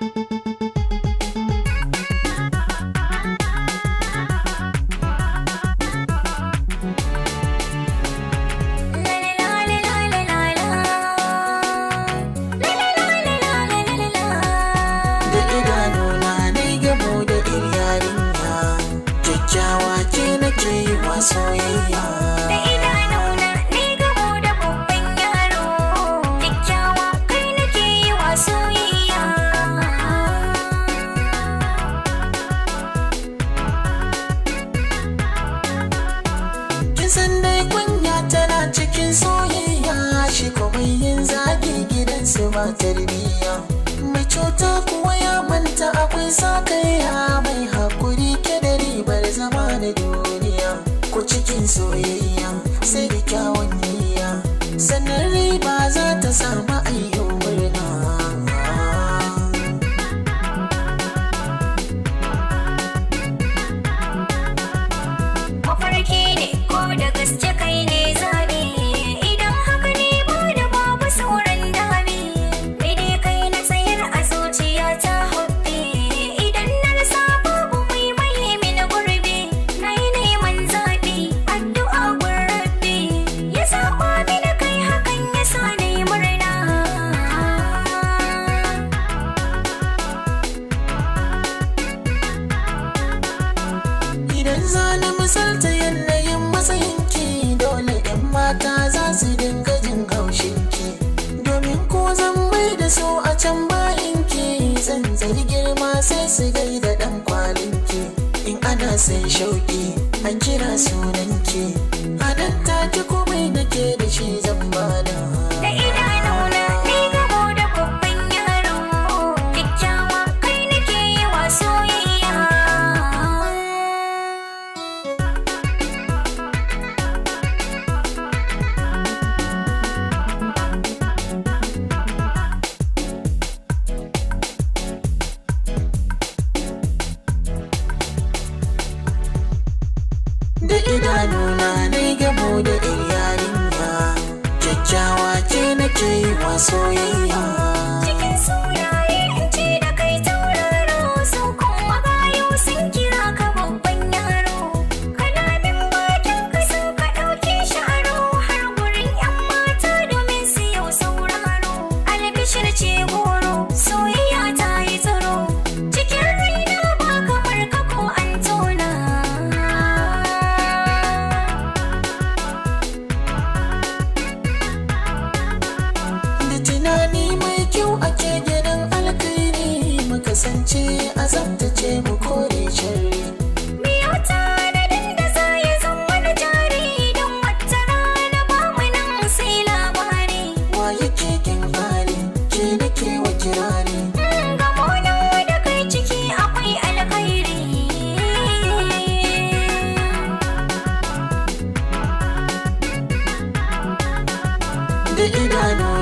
thank you tarbiyya mai cuta kuwa ya manta akwai sakaya mai hakuri ke da ribar zama da duniya ko cikin soyayya sai su gaida ɗan kwalinki in ana san shauƙi an kira sunanki a ta ki komai nake da shi zan bada. Da idanuna ne gabo da yarinya kyakkyawa ce nake yi wa soyayya Sana